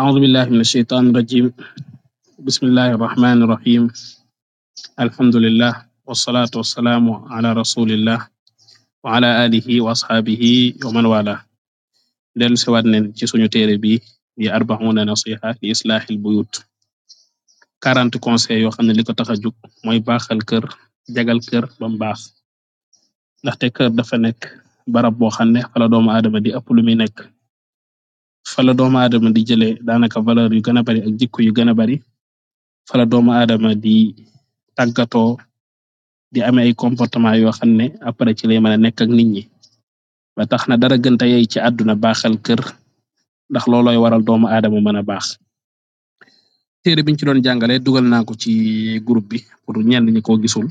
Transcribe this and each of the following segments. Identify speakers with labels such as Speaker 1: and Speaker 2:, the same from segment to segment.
Speaker 1: Auzubillahi mina sheytaani rajim bismillahi rahmani rahim alhamdulilah wasalaatu wasalaamu ala ala alihi wa asxaabihi wa man wala dellu siwaat neen ci suñu téere bi di arbaxuna nasiha li islaaxil buyut quarante conseil yoo xam ne li ko tax a jug mooy baaxal kër jagal kër bam baax ndaxte kër dafa nekk barab boo xam ne fala doomu aadama di ëpp lu muy nekk fala doomu aadama di jële daanaka valeur yu gën a bari ak jikko yu gën a bari fala doomu aadama di tàggatoo di amee ay comportement yoo xam ne après ci lay mën a nekk ak nit ñi ba tax na dara gënta yey ci àdduna baaxal kër ndax loolooy waral doomu aadama mën a baax téere biñ ci doon jàngale dugal naa ko ci group bi pour ñenn ñi ko gisul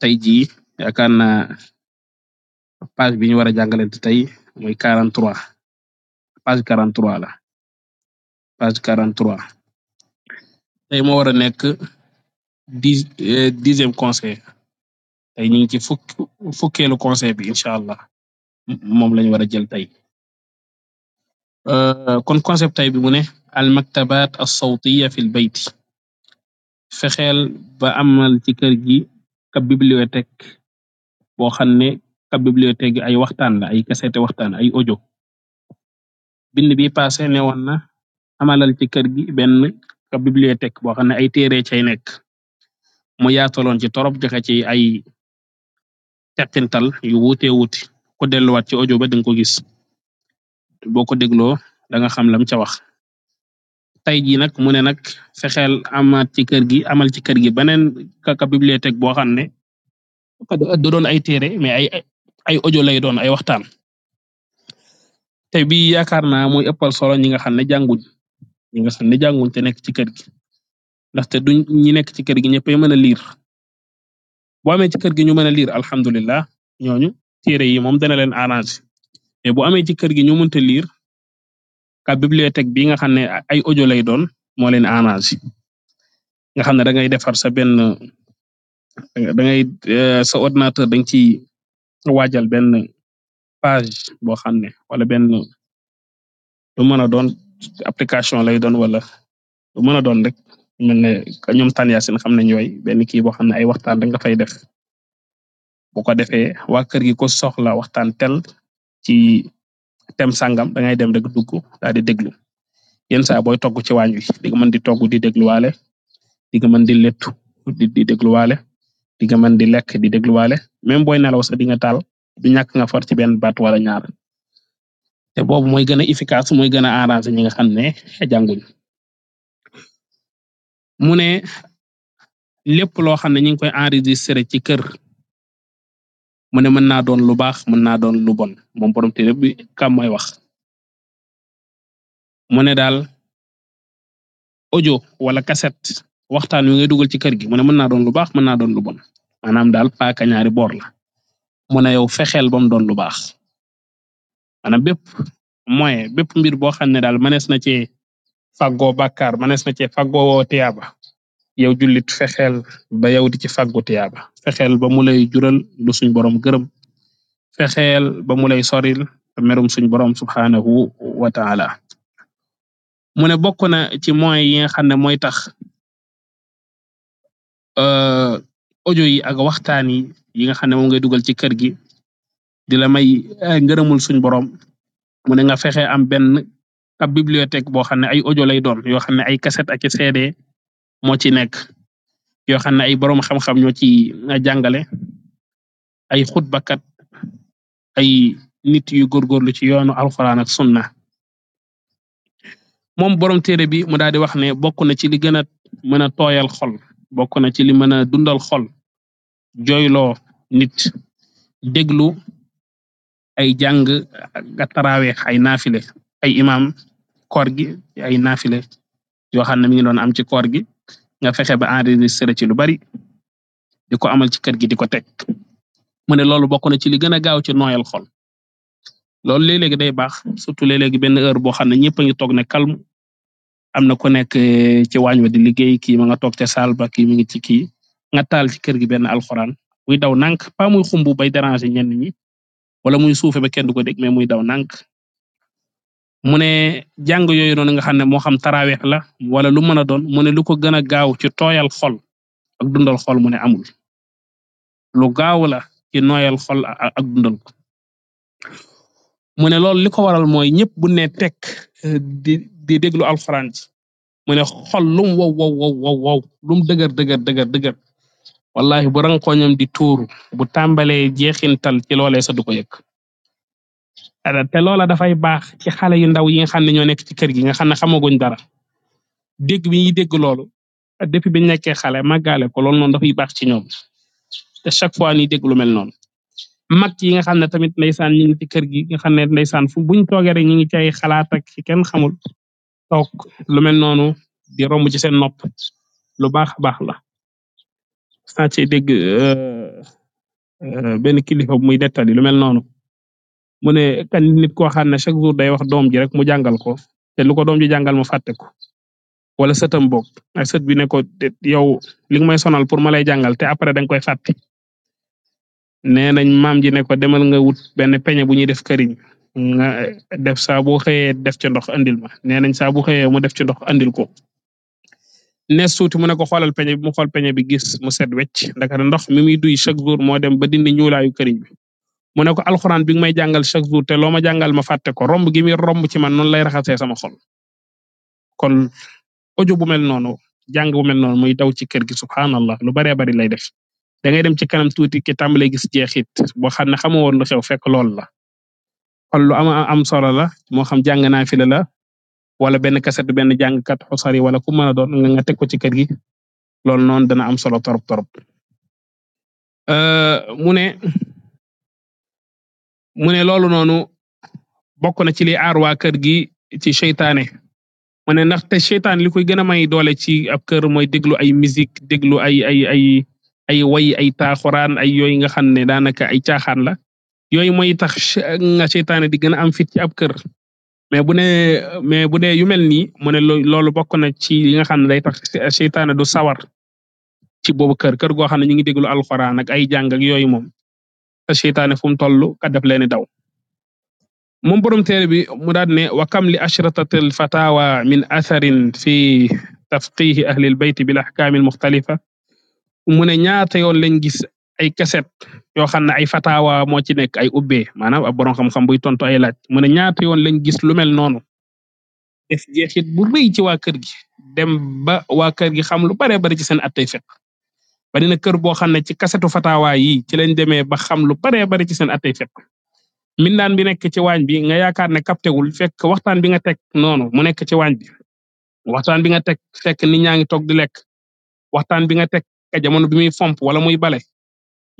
Speaker 1: tey jii yaakaar na page bi ñu war a jàngale tey muy 43 page 43 la page 43 tey moo wara nekk di euh, dixième conseil tey ñu ngi ci fukk fukkeelu conseil bi incha allah moom lañu wara jël tey euh, kon concept tey bi mu ne al maktabat as sawtiya fil bayt fexeel ba amal ci gi ka bibliothèque boo xam ab bibliothèque ay waxtaan la ay kasete waxtan ay ojo bind bi paase newoon na amalal ci kër gi ben ab bibliothèque boo xamne ay téere cay nekk mu yaataloon ci torop joxe ci ay teqintal yu wuute wuuti ku delluwaat ci ojo ba dinga ko gis boo ko dégloo danga xam lam ca wax tey ji nak mu ne nak fexeel amaat ci kër gi amal ci kër gi baneen kaka bibliothèque ay téere ay ojo lay doon ay waxtaan te bi yaakaar naa mooy ëppal solo ñi nga xam ne jànguñ ñi nga xam ne jànguñ te nekk ci kër gi ndaxte duñ ñi nekk ci kër gi ñëppay mën a liir boo amee ci kër gi ñu mën a liir alhamdulilah ñooñu téere yi moom dana leen arrangé bo bu amee ci kër gi ñu mënta liir ka bibliothèque bi nga xam ne ay ojo lay doon moo leen arrangé nga xam ne da ngay defar sa benn da ngay euh, sa ordinateur dañ ci waajal benn page boo ne wala benn lu mëna doon application lay doon wala lu mëna doon rek melne ka ñoom Tanya Sane xam nañ yooy benn kii boo xam ne ay waxtaan rek nga fay def bu ko defee waa kër gi ko soxla waxtaan tel ci tem sangam dangay dem rek dugg daal di déglu yenn saa booy togg ci waañ wi dinga mën di togu di dégluwaale dinga mën di lettu di dégluwaale. di man mën di lekk di dégluwaale me booy nelaw sax di nga taal du ñàkk nga far ci benn baat wala ñaar te boobu mooy gën a efficace mooy gën a arranger ñi nga xam ne jànguñ mu ne lépp loo xam ne ñu ngi koy enregistrer ci kër mu ne mën naa doon lu baax mën naa doon lu bon moom borom téere bi kam mooy wax mu ne daal wala cassette waxtaan wi ngay dugal ci kër gi mu ne mën naa doon lu baax mën naa doon lu bon maanaam daal paaka ñaari boor la mu ne yow fexeel ba mu doon lu baax maanaam bépp moyen mbir boo xam ne daal mënees na ci faggoo bakar mënees na ci faggoo woo tiyaaba yow jullit fexeel ba yow di ci faggu tiyaaba fexeel ba mu lay jural lu suñ borom gërëm fexeel ba mu lay soril merum suñ borom subxaanahu wa taala mu ne ci moyens yi nga xam tax Euh, audio yi ak waxtaan yi yi nga xam ne moom ngay dugal ci kër gi di la may eh, ngërëmul suñ borom mu ne nga fexe am benn ab bibliothèque boo xam ne ay ojo lay doon yoo xam ne ay cassette ak i CD moo ci nekk yoo xam ne ay boroom xam-xam ñoo ci eh, jàngale ay xutbakat ay nit yu góorgóorlu ci yoonu alxuraan ak sunna moom boroom téere bi mu daal di wax ne bokk na ci li gën a mën a tooyal xol. bokk na ci li mëna dundal xol jooyloo nit déglu ay jàng nga taraweex ay naafile ay imam koor gi ay naafile yoo xamne mi ngi doon am ci koor gi nga fexe ba enregistré ci lu bari di ko amal ci kër gi di ko tekk mu ne loolu bokk na ci li gëna gaaw ci nooyal xol loolu léeg-léegi day baax surtout léeg-léegi benn heure boo xam ne ñepp toog ne calme. am na ku nekk eh, ci waañ wa di liggéey kii ma nga toog ca saal ba kii mi ngi ci kii nga taal ci kër gi benn alxuraan muy daw nànk pas muy xumbu bay déranger ñenn ñi wala muy suufe ba kenn du ko dégg mais muy daw nank mu ne jàng yooyu noonu nga xam ne moo xam taraweex la wala lu mën a doon mu ne lu ko gën a gaaw ci tooyal xol ak dundal xol mu ne amul lu gaaw la ci nooyal xol ak dundal ko mu ne loolu waral mooy ñëpp bu di déglu alxuraan ji mu ne xol lum wow wow wow wow lum dëgër dëgër dëgër dëgër wallahi bu rankoñam di tuuru bu tàmbalee jeexintal ci loolee sa du ko yëg te loola dafay baax ci xale yu ndaw yi nga xam ne nekk ci kër gi nga xam ne xamaguñ dara dégg bi ñuy dégg loolu depuis bi ñu nekkee xale màggaale ko loolu noonu dafay baax ci ñoom te chaque fois ni dégg lu mel noonu mag yi nga xam tamit ndeysaan ñu ngi ci kër buñ toogee rek ñu ngi ci xamul toog lu mel noonu di romb ci seen nopp lu baax baax la saa ci dégg euh, euh, benn kilifa muy nettali lu mel noonu mu ne kan nit ko xam ne chaque jour day wax doom ji rek mu jàngal ko te lu ko doom ji jàngal mu fàtte wala sëtam boog ak sët bi ne ko yow li nga may sonal pour ma lay jàngal te après danga koy fàtte nee nañ maam ji ne ko demal wut benn peñe bu ñuy def këriñ. nga def saa bu xëyee def ca ndox andil ma nee nañ saa bu xëyee mu def ci ndox andil ko nees tuuti mu ne ko xoolal peñe bi mu xool peñe bi gis mu set wecc ndakate ndox mi muy duy chaque jour moo dem ba dindi ñuulaayu këriñ bi mu ne ko alxuraan bi nga may jàngal chaque jour te loo ma jàngal ma fàtte ko romb gi muy romb ci man noonu lay raxasee sama xol kon ojo bu mel noonu jàng bu noonu muy daw ci kër gi subhanallah lu baree bari lay def da ngay dem ci kanam tuuti ki tàmbalee gis jeexit boo xam ne xamu woon lu xew fekk lool la kon lu ama am solo la moo xam jàng naa fi la la wala benn kaset benn jàngkat xusari wala ku mën a doon nga teg ko ci kër gi loolu noonu dana am solo torop torop mu ne mu ne loolu noonu bokk na ci li aar waa kër gi ci seytaane mu ne ndaxte seytaane li koy gën a may doole ci ab kër mooy déglu ay musique déglu ay ay ay ay way ay taaxuraan ay yooyu nga xam ne daanaka ay caaxaan la yooyu mooy tax nga seytaane di gën a am fit ci ab kër mais bu nee mais bu dee yu mel nii mu ne loolu bokk na ci li nga xam ne day tax seytaane du sawar ci boobu kër kër goo xam ne ñu ngi déglu alxuraan ak ay jàng ak yooyu moom te seytaane fu mu toll kat daf daw. moom borom te bi mu daal ne wa kam li ashratatil fatawa min atharin fi tafqihi ahlil bayt bil ahkaamil mukhtalifa mu ne ñaata yoon gis ay kaset yoo xam ne ay fataawa moo ci nekk ay ubbee maanaam ab borom xam-xam buy tontu ay laaj mu ne ñaata yoon lañ gis lu mel noonu def bu rëy ci waa kër gi dem ba waa kër gi xam lu bare bari ci seen attey fiq na kër boo xam ne ci kasetu fataawa yi ci lañ demee ba xam lu bare bari ci seen attey fiq mindaan bi nekk ci waañ bi nga yaakaar ne kaptewul fekk waxtaan bi nga teg noonu mu nekk ci waañ bi waxtaan bi nga teg fekk nit ñaa ngi toog di lekk waxtaan bi nga teg ka jamono bi muy fomp wala muy bale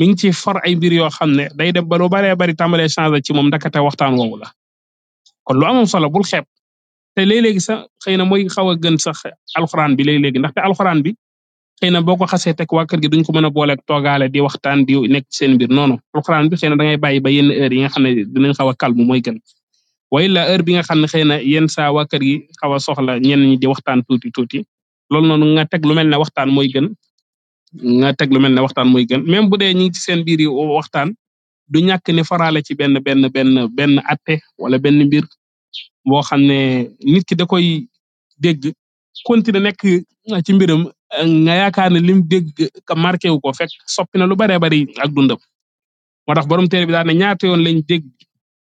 Speaker 1: mi ngi ci for ay mbir yoo xam ne day dem ba lu baree bari tàmbalee changé ci moom ndakate waxtaan woowu la kon lu amoon solo bul xeeb te léeg sax xëy na mooy xaw a gën sax alxuraan bi léeg-léegi ndaxte alxuraan bi xëy na boo ko xasee teg waa kër gi duñ ko mën a booleeg toogaale di waxtaan di nek ci seen mbir noonu alxuraan bi xëy na da ngay bàyyi ba yenn heure yi nga xam ne dinañ xaw a calme mooy gën waaye la heure bi nga xam ne xëy na yenn saa waa kër gi xaw a soxla ñenn ñi di waxtaan tuuti tuuti loolu noonu nga teg lu mel ne waxtaan mooy gën nga teg lu mel ne waxtaan muy gën même bu dee ñi ngi ci seen biir yi waxtaan du ñàkk ni faraale ci benn benn benn benn atte wala benn mbir boo xam ne nit ki da koy dégg continuer nekk ci mbiram nga yaakaar ne lim dégg ka marqué wu ko fekk soppi lu baree bari ak dundam moo tax borom téere bi daal ne ñaata yoon lañ dégg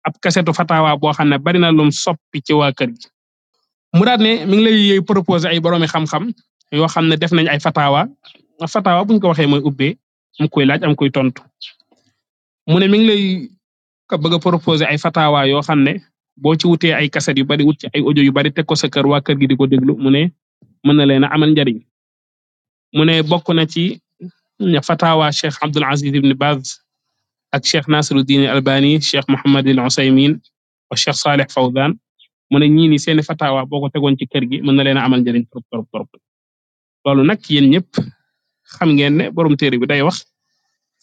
Speaker 1: ab kasetu fatawa boo xam ne bari na lum soppi ci waa kër gi mu daal ne ngi lay proposé ay boroomi xam-xam yoo xam ne def nañ ay fatawa fatawa buñ ko waxee mooy ubbee am koy laaj am koy tontu mu ne mi ngi lay ka bëgg a proposer ay fatawa yoo xam ne boo ci wutee ay kaset yu bari wut ci ay ojo yu bari teg ko sa kër waa kër gi di ko déglu mu ne mën na leen a amal njariñ mu ne bokk na ci fatawa Cheikh Abdul Aziz ibn Baz ak Cheikh Nasiruddin Albani Cheikh Muhammad al Usaymin wa Cheikh Saleh Fawzan mu ne ñii ni seeni fatawa boo ko tegoon ci kër gi mën na leen a amal njariñ trop trop trop loolu nag yéen ñëpp xam ngeen ne borom téere bi day wax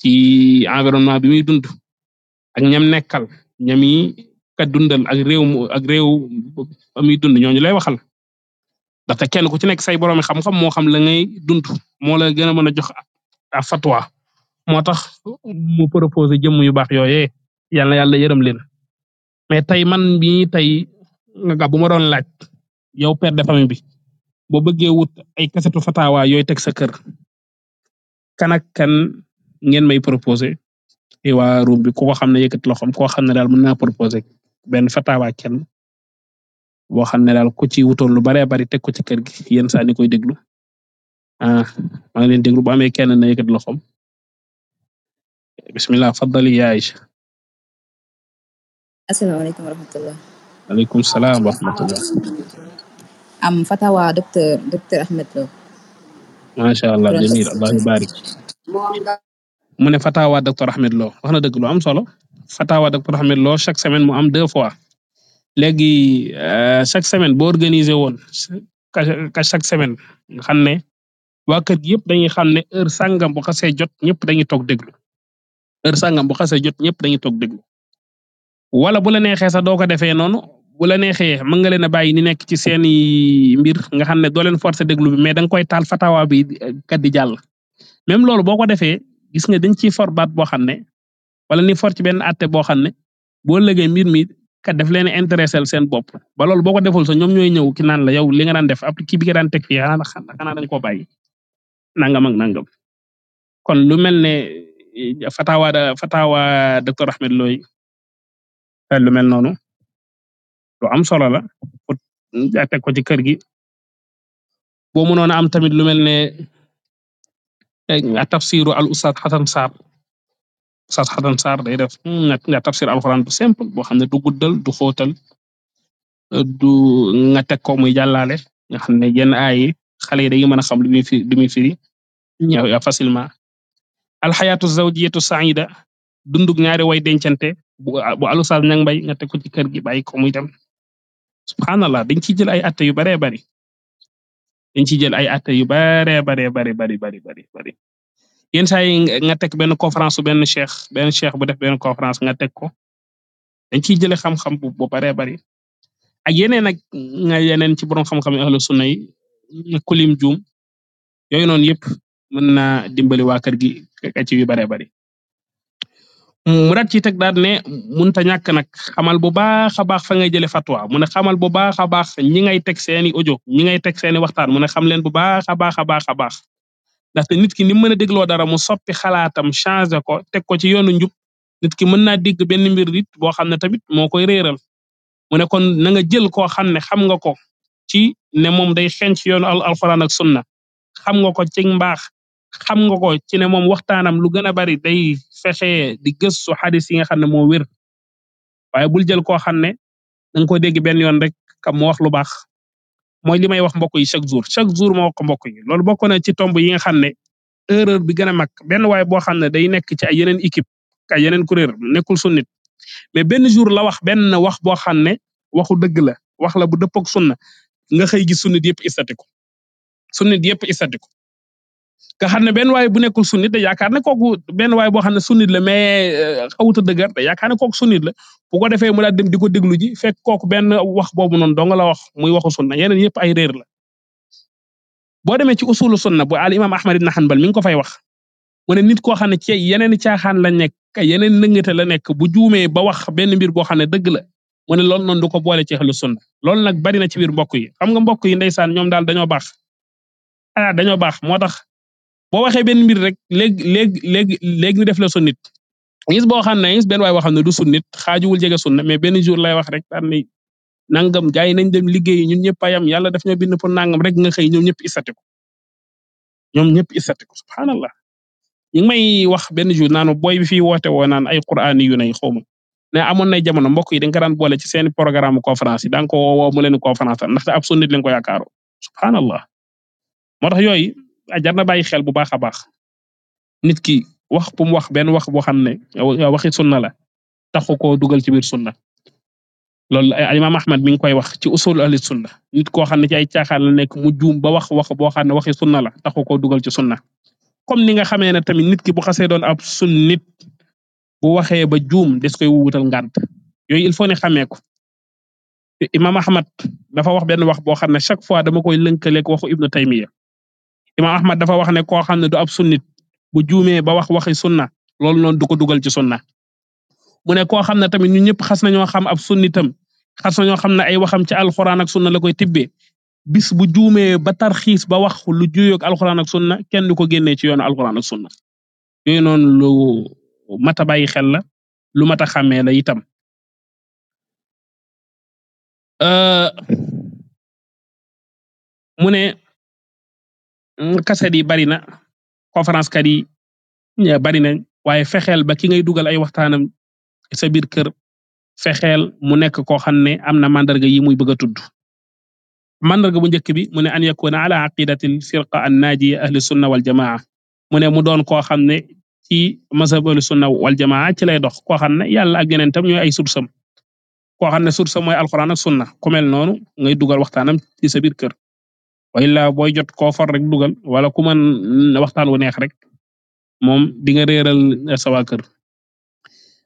Speaker 1: ci environnement bi muy dund ak ñam nekkal ñami ka dundal ak réew ak réew muy dund ñooñu lay waxal ndaxte kenn ku ci nekk say borom xam-xam moo xam la ngay dund moo la gën a mën a jox a fatwa moo tax mu proposé jëmm yu baax yooyee yàlla yàlla yërëm leen mais tey man bi tey nga bu ma doon laaj yow père de famille bi boo bëggee wut ay kasetu fatawa yooyu teg sa kër kan ak kan ngeen may proposé waa room bi ku ko xam ne yëkkati loxoom koo xam ne daal mën naa proposé benn fatawaa ken boo xam ne daal ku ci wutoon lu baree bari teg ko ci kër gi yenn saa ni koy déglu ah maa ngi leen déglu bu amee kenn na yëkkati loxoom bismillah faddali yaa Aïcha. asalaamaaleykum wa docteur docteur Ahmed macha allah jamil allahu barik mu ne Fatawa docteur Ahmed Lo wax na dëgg lu am solo Fatawa docteur Ahmed Lo chaque semaine mu am deux fois léegi euh, chaque semaine boo organisé woon ka ka chaque semaine nga xam ne waa kër gi yëpp dañuy xam ne heure sangam bu xasee jot ñëpp dañuy toog déglu heure sangam bu xasee jot ñëpp dañuy toog déglu wala bu la neexee sax doo wala la neexee mën nga leen a bàyyi ni nekk ci seen i mbir nga xam ne doo leen forcer déglu bi mais da koy taal fatawa bi eh, kat di jàll. même loolu boo ko defee gis nga dañ ciy for baat boo xam ne wala ni for ci benn atte boo xam ne boo lëgee mbir mi kat daf leen a intéressé seen bopp ba loolu boo ko deful sa ñoom ñooy ñëw ki naan la yow li nga daan def ab kii bi nga daan teg fii xanaa xanaa dañ koo bàyyi nangam ak nangam kon lu mel ne eh, fatawa da fatawa docteur Ahmed Looy lu mel noonu. lu am solo la pour teg ko ci kër gi boo mënoon a am tamit lu mel ne eh, nga tafsiru al ustaad xasan saar ustaad xasan saar day def hmm, nga tafsir alxuraan bu simple boo xam ne du guddal du xóotal du nga teg ko muy jàllale nga xam ne yenn ay xale yi dañuy mën a xam lu muy firi lu muy firi ñëw ya facilement alxayaatu zawjiyatu saida ñaari way dencante bu bu alustaad ñang mbay nga teg ko ci kër gi bàyyi ko muy dem subhanallah dañ ciy jël ay atte yu baree bari dañ ciy jël ay atte yu baree baree bari bari bari bari bari yenn saa yi nga teg benn conférence su benn cheikh benn cheikh bu def benn conférence nga teg ko dañ ciy jëlee xam-xam bu bu baree bari ak yeneen ak nga yeneen ci borom xam-xam yi ahlu sunna yi kulim juum yooyu noonu yëpp mën na dimbali waa kër gi ka yu baree bari. mu daat ci teg daal ne munta ñàkk nag xamal bu baax a baax fa ngay jëlee fatwa mu ne xamal bu baax a baax ñi ngay teg seeni audio ñi ngay teg seeni waxtaan mu ne xam leen bu baax a baax a baax a baax ndaxte nit ki ni mën a dégloo dara mu soppi xalaatam changé ko teg ko ci yoonu njub nit ki mën naa dégg benn mbir nit boo xam ne tamit moo koy réeral mu ne kon na nga jël koo xam ne xam nga ko ci ne moom day xenc yoonu alquran ak sunna xam nga ko ci mbaax xam nga ko ci ne moom waxtaanam lu gën a bari day fexe di gëstu xadis yi nga xam ne moo wér waaye bul jël koo xam ne da nga dégg benn yoon rek kam mu wax lu baax mooy li may wax mbokk yi chaque jour chaque jour moo ko mbokk yi loolu bokk na ci tomb yi nga xam ne erreur bi gën a mag benn waaye boo xam ne day nekk ci ay yeneen équipe ay yeneen kuréel nekkul sunnit mais benn jour la wax benn wax boo xam ne waxu dëgg la wax la bu dëppog sunna nga xëy gi sunnit yëpp istati ko sunnit yëpp istati ko nga xam ne benn waay bu nekkul sunnit da yaakaar ne kooku benn waay boo xam ne sunnit la mais euh, xawut a dëgër da yaakaar ne kooku sunnit la bu ko defee mu dem di ko déglu ji fekk kooku benn wax boobu noonu dong la wax muy waxu sunna yeneen yëpp ay réer la boo demee ci usulu sunna bu al imam ahmad ibn hanbal mi ngi ko fay wax mu ne nit koo xam ne ci yeneen caaxaan la nekk yeneen nëngate la nekk bu juumee ba wax benn mbir boo xam ne dëgg la mu ne loolu noonu du ko boole ci ahlu sunna loolu nag bari na ci biir mbokk yi xam nga mbokk yi ndeysaan ñoom daal dañoo baax ah, boo waxee benn mbir rek léegi léegi léegi léegi ñu def la sunnit gis boo xam ne gis benn waay boo xam ne du sunnit xaajuwul jege sunna mais benn jour lay wax rek daan ne nangam gars yi nañ dem liggéeyi ñun ñëpp ayam yàlla daf ñoo bind pour nangam rek nga xëy ñoom ñëpp isati ko ñoom ñëpp isati ko subhanallah ñu ngi wax benn jour naan booy bi fii woote woo naan ay quraani yu nay xawma ne amoon nay mbok mbokk yi dañ ko daan boole ci seen programme conférence yi daan ko woo mu leen conférence ndaxte ab sunnit lañ ko yaakaaroo subhanallah moo tax jar na bàyyi xel bu baax a baax nit ki wax bu mu wax benn wax boo xam ne waxi sunna la taxu koo dugal ci biir sunna loolu imaam Ahmad mi ngi koy wax ci usul ahli na nit koo xam ne ci ay caaxaan la nekk mu juum ba wax wax boo xam ne waxi na la taxu ko dugal ci sunna comme ni nga xamee ne tamit nit ki bo xasee doon ab sunnit bu waxee ba juum des koy wuutal ngànt yooyu il faut ne xamee ko imaam Ahmad dafa wax benn wax boo xam ne chaque fois dama koy lënkaleek waxu Ibnu Taymiya imaam Ahmad dafa wax ko koo xam ne du ab sunnit bu juumee ba wax waxi sunna loolu noonu du ko dugal ci sunna mu ne koo xam ne tamit ñun ñëpp xas nañoo xam ab sunnitam xas nañoo xam ne ay waxam ci alxuraan ak sunna la koy tibbee bis bu juumee ba tarxiis ba wax lu juyoog alxuraan ak sunna kenn du ko génnee ci yoonu alxuraan ak sunna yooyu noonu lu mat a bàyyi xel la lu mat a xàmmee la itam. Euh, kaset mm, yi bari na conférence kat yi bari nañ waaye fexeel ba ki ngay dugal ay waxtaanam sa biir kër fexeel mu nekk koo xam ne am na mandarga yi muy bëgg a tudd mandarga bu njëkk bi mu ne an yakuna ala aqidatil firqa an naajiya ahli sunna wal jamaa mu ne mu doon koo xam ne ci mazhab ahli sunna wal jamaa ci lay dox koo xam ne yàlla ak yeneen tam ñooy ay sursam koo xam ne sunna ku mel noonu dugal waxtaanam ci sa kër way la booy jot koo for rek dugal wala ku mën waxtaan wu neex rek moom di nga réeral sa waa kër.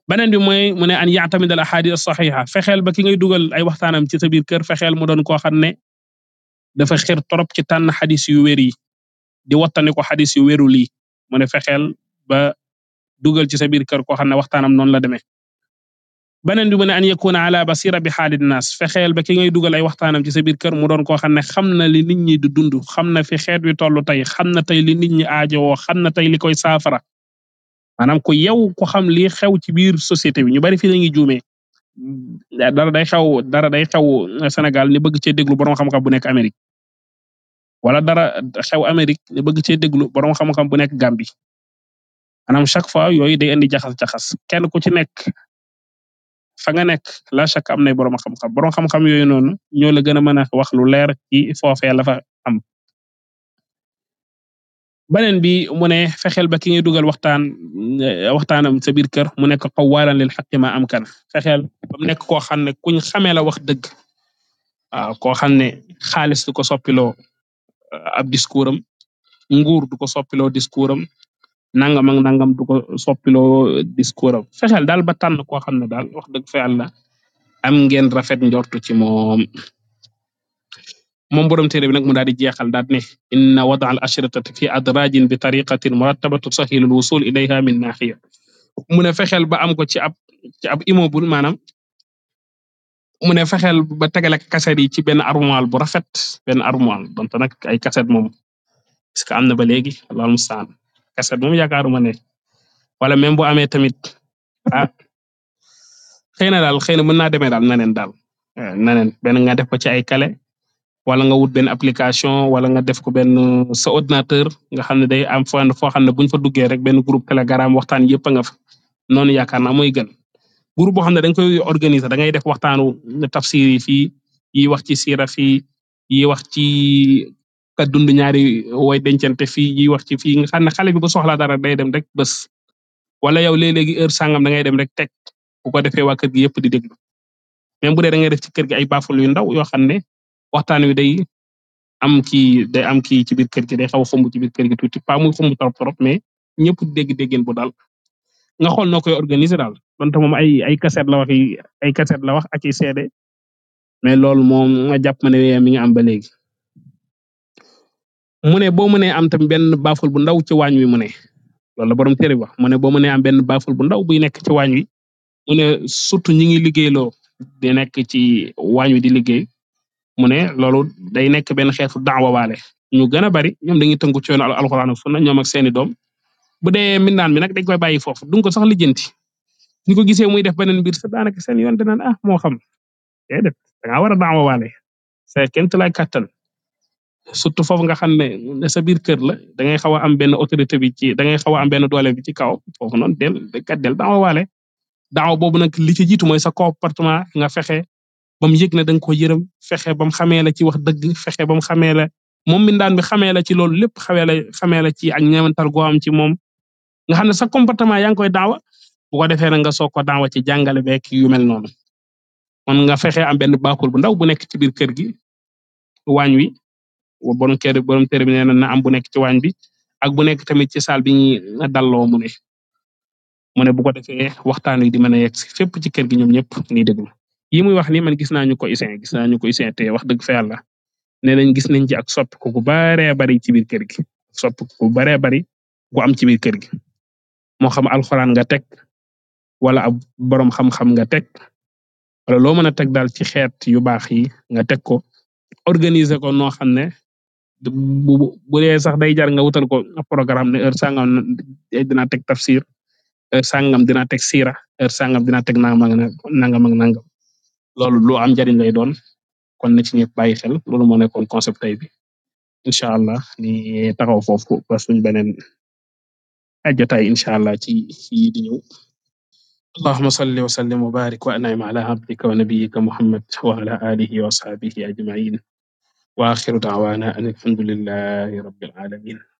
Speaker 1: beneen bi mooy mu ne an yaatamid al ahadith saxiixa fexeel ba ki ngay dugal ay waxtaanam ci sa biir kër fexeel mu doon koo xam ne dafa xir trop ci tànn xadis yu wér yi di wattani ko xadis yu wérul yi mu ne fexeel ba dugal ci sa biir kër koo xam ne waxtaanam noonu la demee. beneen bi mu ne an yakuna ala basira bi xaalid naas fexeel ba ki ngay dugal ay waxtaanam ci sa biir kër mu doon koo xam ne xam na li nit ñi di dund xam na fi xeet wi toll tey xam na tey li nit ñi aajowoo xam na tey li koy saafara maanaam ku yow ku xam li xew ci biir société bi ñu bari fi la ñuy juumee dara day xew dara day xew Sénégal ni bëgg cee déglu borom xam-xam bu nekk Amérique wala dara xew Amérique ni cee déglu borom xam bu nekk Gambie maanaam chaque fois yooyu day indi jaxas-jaxas kenn ku ci nekk fa nga nekk la chaque am nay borom xam-xam borom xam-xam yooyu noonu ñoo la gën a mën a wax lu leer ci la fa am. beneen bi mu ne fexeel ba ki ngay dugal waxtaan eh, waxtaanam sa biir kër mu nekk qawwaalan lil xaqi ma am kan fexeel mu nekk koo xam ne kuñ xamee la wax dëgg waaw koo xam ne xaalis du ko soppiloo eh, ab discours am nguur du ko soppiloo discours am nangam ak nangam du ko soppiloo discours am fexeel daal ba tànn koo xam ne daal wax dëgg fa yàlla am ngeen rafet njortu ci moom moom borom téere bi nag mu daal di jeexal daal ne inna wada al ashratati fi adrajin bi tariqatin murattabatu sahilu lwusul ilayha min naxiya mu ne fexeel ba am ko ci ab ci ab immeuble maanaam mu ne fexeel ba tegale kaset yi ci ben armoire bu rafet benn armoire donte nag ay kaset moom parce que am na ba léegi casquette moom yaakaaruma ne wala même bu amee tamit ah xëy na daal xëy na mën naa demee daal naneen daal eh, naneen benn nga def ko ci ay kale wala nga wut benn application wala nga def ko benn sa ordinateur nga xam ne day am fan foo xam ne buñ fa duggee rek benn groupe telegram waxtaan yëpp a nga fa noonu yaakaar naa mooy gën groupe boo xam ne da koy organiser da ngay def waxtaanu tafsir yi fii yi wax ci siira fii yi wax ci ka dund ñaari way dencante fii ñuy wax ci fii nga xam xale bi bu soxlaa dara day dem rek bés wala yow léeg-léegi heure sangam da ngay dem rek teg bu ko defee waa kër gi yëpp di déglu me bu dee da ngay def ci kër gi ay baaful yu ndaw yoo xam ne waxtaan wi day am kii day am kii ci biir kër day xaw a xumb ci biir kër gi tuuti pas muy xumb trop trop mais ñëpp dégg déggeen bu daal nga xool noo koy organiser daal donte moom ay ay cassette la wax ay cassette la wax ak i CD mais loolu moom jàpp ma ne mi ngi am ba léegi. mu ne boo mënee am tam benn baaful bu ndaw ci waañ wi mu ne loolu la borom téere wax mu ne boo mënee am benn baaful bu ndaw buy nekk ci waañ wi mu ne surtout ñi ngi liggéeyloo di nekk ci waañ wi di liggéey mu ne loolu day nekk benn xeetu daawa waale ñu gën a bari ñoom dañuy tënku ci yoonu alxuraan ak sunna ñoom ak seeni doom bu dee mindaan bi nag dañ koy bàyyi foofu duñ ko sax lijjanti ñu ko gisee muy def beneen bir sa daanaka seen yoon danaan ah moo xam déedéet da ngaa war a surtout foofu nga xam ne sa biir kër la da ngay xaw a am benn autorité bi ci da ngay xaw a am benn doole bi ci kaw foofu noonu del kat del daaw waale daaw boobu nag li ci jiitu mooy sa comportement nga fexe ba mu yëg ne da nga ko yërëm fexe ba mu xamee la ci wax dëgg fexe ba mu xamee la moom mindaan bi xamee la ci loolu lépp xamee la xamee la ci ak ñeewantal goo am ci moom nga xam ne sa comportement yaa ngi koy daawa bu ko defee nag nga soog ko daawa ci jàngale beek yu mel noonu kon nga fexe am benn baakul bu ndaw bu nekk ci biir kër gi waañ wi borom kër borom téere bi nee na na am bu nekk ci waañ bi ak bu tamit ci saal bi ñuy dalloo mu ne mu ne bu ko defee waxtaan wi di mën a yegg si fépp ci kër gi ñoom ñëpp ñuy déglu yi muy wax ni man gis naa ñu ko isin gis naa ko isin te wax dëgg fa yàlla ne nañ gis nañ ci ak soppiku gu baree bari ci biir kër gi soppiku gu baree bari gu am ci biir kër gi moo xam alxuraan nga teg wala ab borom xam-xam nga teg wala loo mën a teg daal ci xeet yu baax yi nga teg ko organiser ko noo xam bu dee sax day jar nga wutal ko programme ne heure sangam eh, dinaa teg tafsir heure sangam dinaa teg siira heure sangam dinaa teg nangam ak nangam ak nangam loolu lu am njariñ lay doon kon na ci ñëpp bàyyi xel loolu moo nekkoon concept tey bi incha allah ni taxaw foofu ba suñ beneen ajjataay incha allah ci yi di ñëw اللهم صل وسلم وبارك وانعم على عبدك ونبيك محمد وعلى اله واصحابه اجمعين واخر دعوانا ان الحمد لله رب العالمين